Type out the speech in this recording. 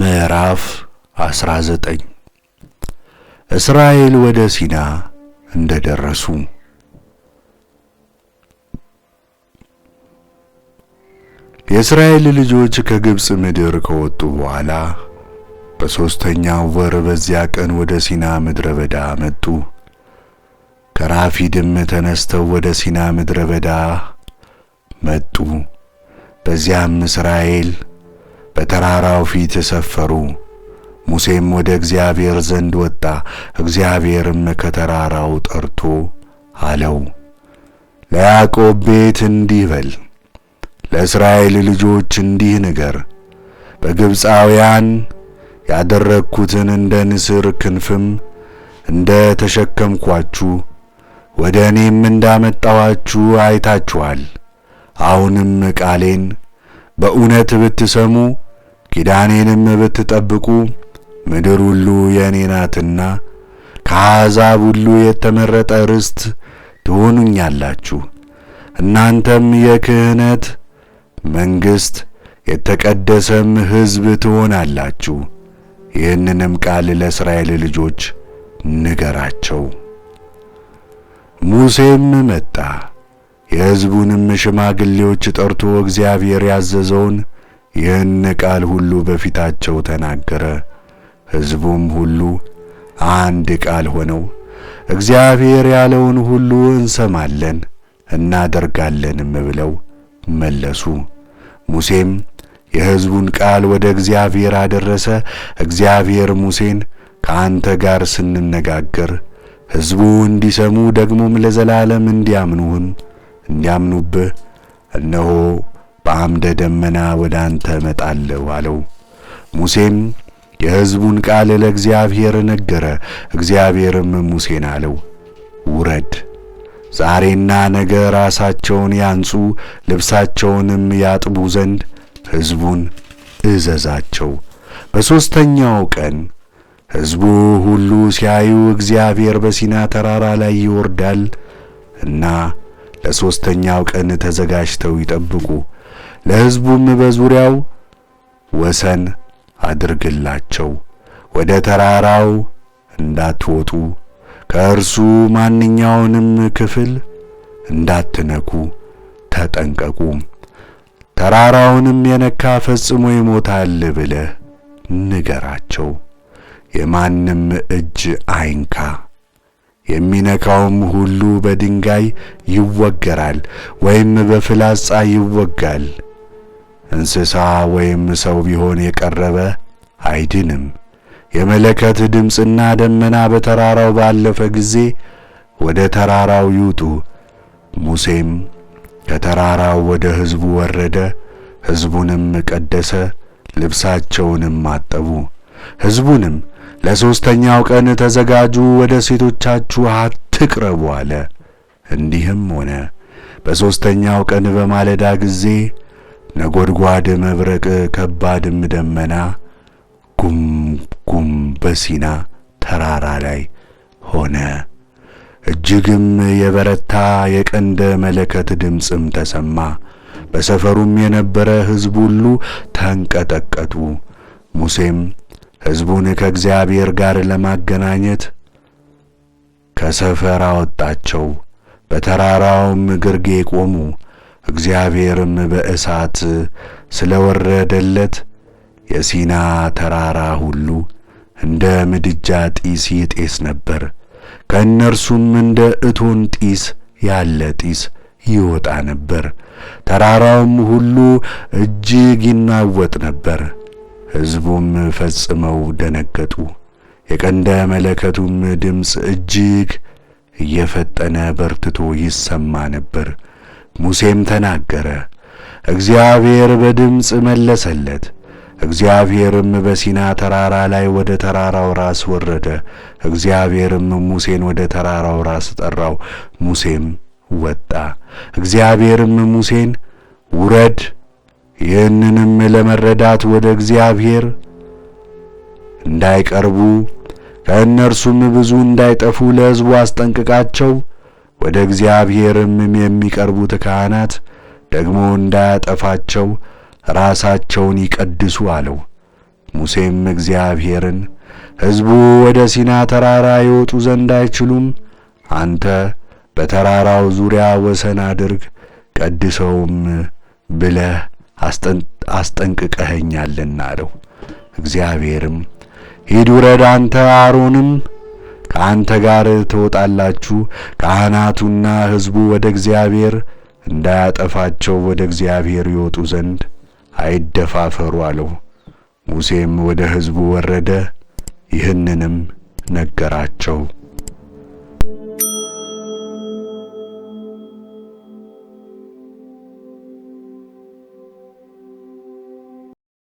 ምዕራፍ 19 እስራኤል ወደ ሲና እንደደረሱ። የእስራኤል ልጆች ከግብፅ ምድር ከወጡ በኋላ በሦስተኛው ወር በዚያ ቀን ወደ ሲና ምድረ በዳ መጡ። ከራፊድም ተነስተው ወደ ሲና ምድረ በዳ መጡ። በዚያም እስራኤል በተራራው ፊት ሰፈሩ። ሙሴም ወደ እግዚአብሔር ዘንድ ወጣ። እግዚአብሔርም ከተራራው ጠርቶ አለው፣ ለያዕቆብ ቤት እንዲህ በል፣ ለእስራኤል ልጆች እንዲህ ንገር፣ በግብፃውያን ያደረግኩትን እንደ ንስር ክንፍም እንደ ተሸከምኳችሁ ወደ እኔም እንዳመጣኋችሁ አይታችኋል። አሁንም ቃሌን በእውነት ብትሰሙ ኪዳኔንም ብትጠብቁ ምድር ሁሉ የእኔ ናትና ከአሕዛብ ሁሉ የተመረጠ ርስት ትሆኑኛላችሁ። እናንተም የክህነት መንግሥት የተቀደሰም ሕዝብ ትሆናላችሁ። ይህንንም ቃል ለእስራኤል ልጆች ንገራቸው። ሙሴም መጣ፣ የሕዝቡንም ሽማግሌዎች ጠርቶ እግዚአብሔር ያዘዘውን ይህን ቃል ሁሉ በፊታቸው ተናገረ። ሕዝቡም ሁሉ አንድ ቃል ሆነው እግዚአብሔር ያለውን ሁሉ እንሰማለን እናደርጋለንም ብለው መለሱ። ሙሴም የሕዝቡን ቃል ወደ እግዚአብሔር አደረሰ። እግዚአብሔር ሙሴን ከአንተ ጋር ስንነጋገር ሕዝቡ እንዲሰሙ ደግሞም ለዘላለም እንዲያምኑህን እንዲያምኑብህ እነሆ በአምደ ደመና ወደ አንተ እመጣለሁ አለው። ሙሴም የሕዝቡን ቃል ለእግዚአብሔር ነገረ። እግዚአብሔርም ሙሴን አለው፣ ውረድ ዛሬና ነገ ራሳቸውን ያንጹ፣ ልብሳቸውንም ያጥቡ ዘንድ ሕዝቡን እዘዛቸው። በሦስተኛው ቀን ሕዝቡ ሁሉ ሲያዩ እግዚአብሔር በሲና ተራራ ላይ ይወርዳል እና ለሦስተኛው ቀን ተዘጋጅተው ይጠብቁ። ለሕዝቡም በዙሪያው ወሰን አድርግላቸው። ወደ ተራራው እንዳትወጡ ከእርሱ ማንኛውንም ክፍል እንዳትነኩ ተጠንቀቁ። ተራራውንም የነካ ፈጽሞ ይሞታል ብለህ ንገራቸው። የማንም እጅ አይንካ፣ የሚነካውም ሁሉ በድንጋይ ይወገራል ወይም በፍላጻ ይወጋል። እንስሳ ወይም ሰው ቢሆን የቀረበ አይድንም። የመለከት ድምፅና ደመና በተራራው ባለፈ ጊዜ ወደ ተራራው ይውጡ። ሙሴም ከተራራው ወደ ሕዝቡ ወረደ። ሕዝቡንም ቀደሰ፣ ልብሳቸውንም አጠቡ። ሕዝቡንም ለሦስተኛው ቀን ተዘጋጁ፣ ወደ ሴቶቻችሁ አትቅረቡ አለ። እንዲህም ሆነ። በሦስተኛው ቀን በማለዳ ጊዜ ነጎድጓድ መብረቅ ከባድም ደመና ጉም ጉም በሲና ተራራ ላይ ሆነ። እጅግም የበረታ የቀንደ መለከት ድምፅም ተሰማ። በሰፈሩም የነበረ ሕዝብ ሁሉ ተንቀጠቀጡ። ሙሴም ሕዝቡን ከእግዚአብሔር ጋር ለማገናኘት ከሰፈር አወጣቸው። በተራራውም ግርጌ ቆሙ። እግዚአብሔርም በእሳት ስለወረደለት የሲና ተራራ ሁሉ እንደ ምድጃ ጢስ ይጤስ ነበር። ከእነርሱም እንደ እቶን ጢስ ያለ ጢስ ይወጣ ነበር። ተራራውም ሁሉ እጅግ ይናወጥ ነበር። ሕዝቡም ፈጽመው ደነገጡ። የቀንደ መለከቱም ድምፅ እጅግ እየፈጠነ በርትቶ ይሰማ ነበር። ሙሴም ተናገረ፣ እግዚአብሔር በድምፅ መለሰለት። እግዚአብሔርም በሲና ተራራ ላይ ወደ ተራራው ራስ ወረደ። እግዚአብሔርም ሙሴን ወደ ተራራው ራስ ጠራው፣ ሙሴም ወጣ። እግዚአብሔርም ሙሴን ውረድ፣ ይህንንም ለመረዳት ወደ እግዚአብሔር እንዳይቀርቡ ከእነርሱም ብዙ እንዳይጠፉ ለሕዝቡ አስጠንቅቃቸው ወደ እግዚአብሔርም የሚቀርቡት ካህናት ደግሞ እንዳያጠፋቸው ራሳቸውን ይቀድሱ አለው። ሙሴም እግዚአብሔርን ሕዝቡ ወደ ሲና ተራራ ይወጡ ዘንድ አይችሉም፣ አንተ በተራራው ዙሪያ ወሰን አድርግ ቀድሰውም ብለህ አስጠንቅቀኸኛልና አለው። እግዚአብሔርም ሂድ ውረድ፣ አንተ አሮንም ከአንተ ጋር ትወጣላችሁ፣ ካህናቱና ሕዝቡ ወደ እግዚአብሔር እንዳያጠፋቸው ወደ እግዚአብሔር ይወጡ ዘንድ አይደፋፈሩ አለው። ሙሴም ወደ ሕዝቡ ወረደ፣ ይህንንም ነገራቸው።